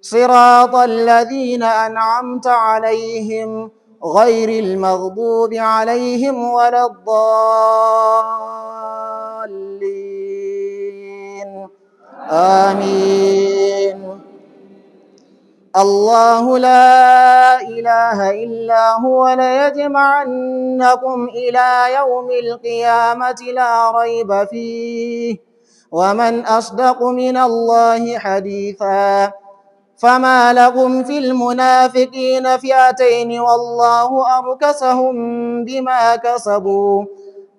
صراط الذين أنعمت عليهم غير المغضوب عليهم ولا الضالين آمين الله لا إله إلا هو ليجمعنكم إلى يوم القيامة لا ريب فيه ومن أصدق من الله حديثاً فما لهم في المنافقين فئتين والله أركسهم بما كسبوا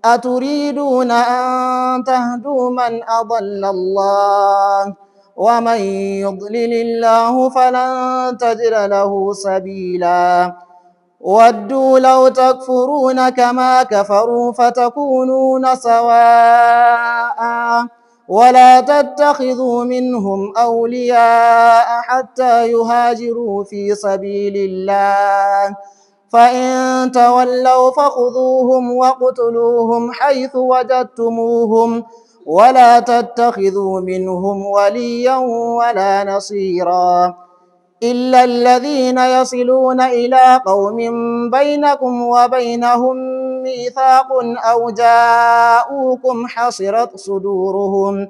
أتريدون أن تهدوا من أضل الله ومن يضلل الله فلن تجد له سبيلا ودوا لو تكفرون كما كفروا فتكونون سواء ولا تتخذوا منهم أولياء حتى يهاجروا في سبيل الله فإن تولوا فخذوهم وقتلوهم حيث وجدتموهم ولا تتخذوا منهم وليا ولا نصيرا إلا الذين يصلون إلى قوم بينكم وبينهم ميثاق أو جاءوكم حصرت صدورهم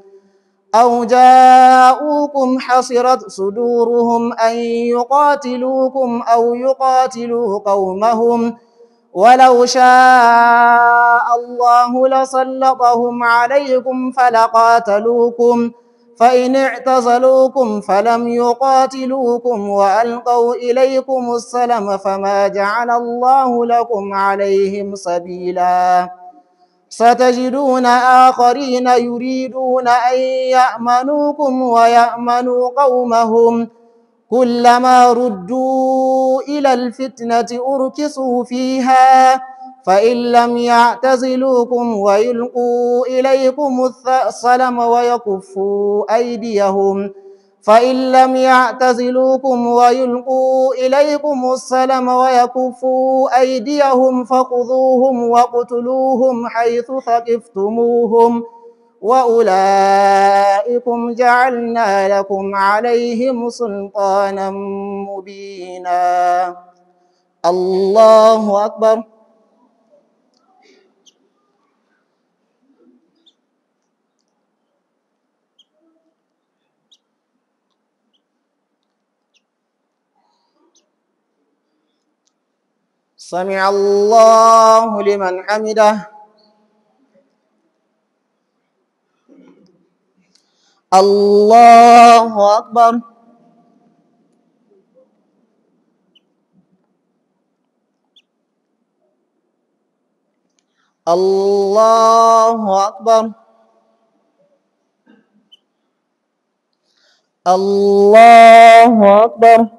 أو جاءوكم حصرت صدورهم أن يقاتلوكم أو يقاتلوا قومهم ولو شاء الله لسلطهم عليكم فلقاتلوكم فإن اعتزلوكم فلم يقاتلوكم وألقوا إليكم السلم فما جعل الله لكم عليهم سبيلا ستجدون آخرين يريدون أن يأمنوكم ويأمنوا قومهم كلما ردوا إلى الفتنة أركسوا فيها فإن لم يعتزلوكم ويلقوا إليكم السلم ويكفوا أيديهم فإن لم يعتزلوكم ويلقوا إليكم السلم ويكفوا أيديهم فخذوهم وقتلوهم حيث ثقفتموهم وأولئكم جعلنا لكم عليهم سلطانا مبينا الله أكبر Sami Allahu liman hamida. Allah lebih. Allah lebih. Allah lebih.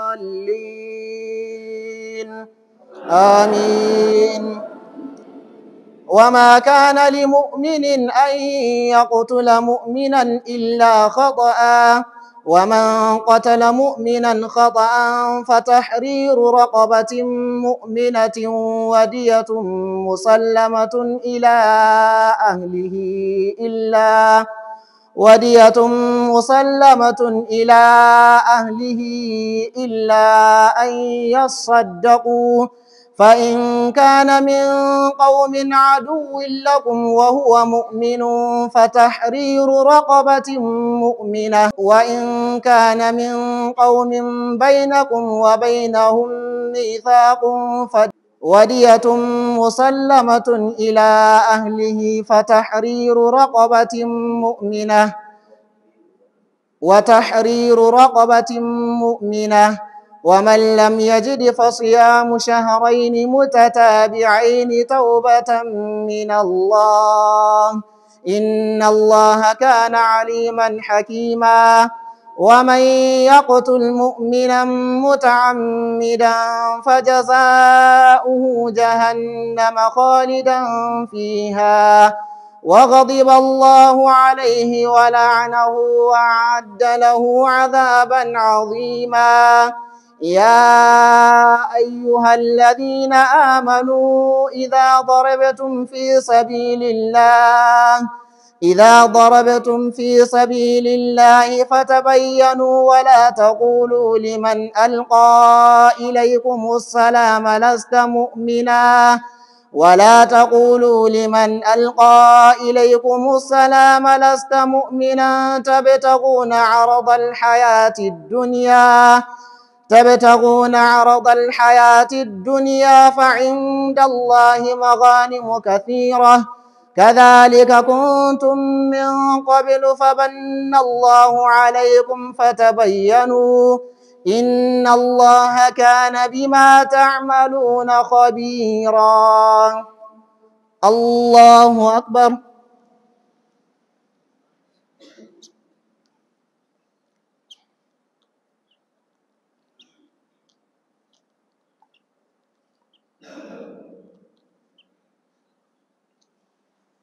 الضالين آمين وما كان لمؤمن أن يقتل مؤمنا إلا خطأ ومن قتل مؤمنا خطأ فتحرير رقبة مؤمنة ودية مسلمة إلى أهله إلا ودية مسلمة إلى أهله إلا أن يصدقوا فإن كان من قوم عدو لكم وهو مؤمن فتحرير رقبة مؤمنة وإن كان من قوم بينكم وبينهم ميثاق ودية مسلمة إلى أهله فتحرير رقبة مؤمنة وتحرير رقبة مؤمنة ومن لم يجد فصيام شهرين متتابعين توبة من الله إن الله كان عليما حكيما ومن يقتل مؤمنا متعمدا فجزاؤه جهنم خالدا فيها وغضب الله عليه ولعنه وعد له عذابا عظيما يا أيها الذين آمنوا إذا ضربتم في سبيل الله إذا ضربتم في سبيل الله فتبينوا ولا تقولوا لمن ألقى إليكم السلام لست مؤمنا ولا تقولوا لمن ألقى إليكم السلام لست مؤمنا تبتغون عرض الحياة الدنيا تبتغون عرض الحياة الدنيا فعند الله مغانم كثيرة كذلك كنتم من قبل فبن الله عليكم فتبينوا إن الله كان بما تعملون خبيرا الله أكبر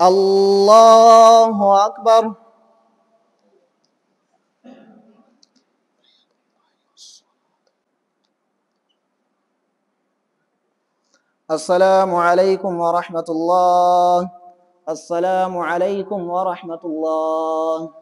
الله أكبر السلام عليكم ورحمة الله السلام عليكم ورحمة الله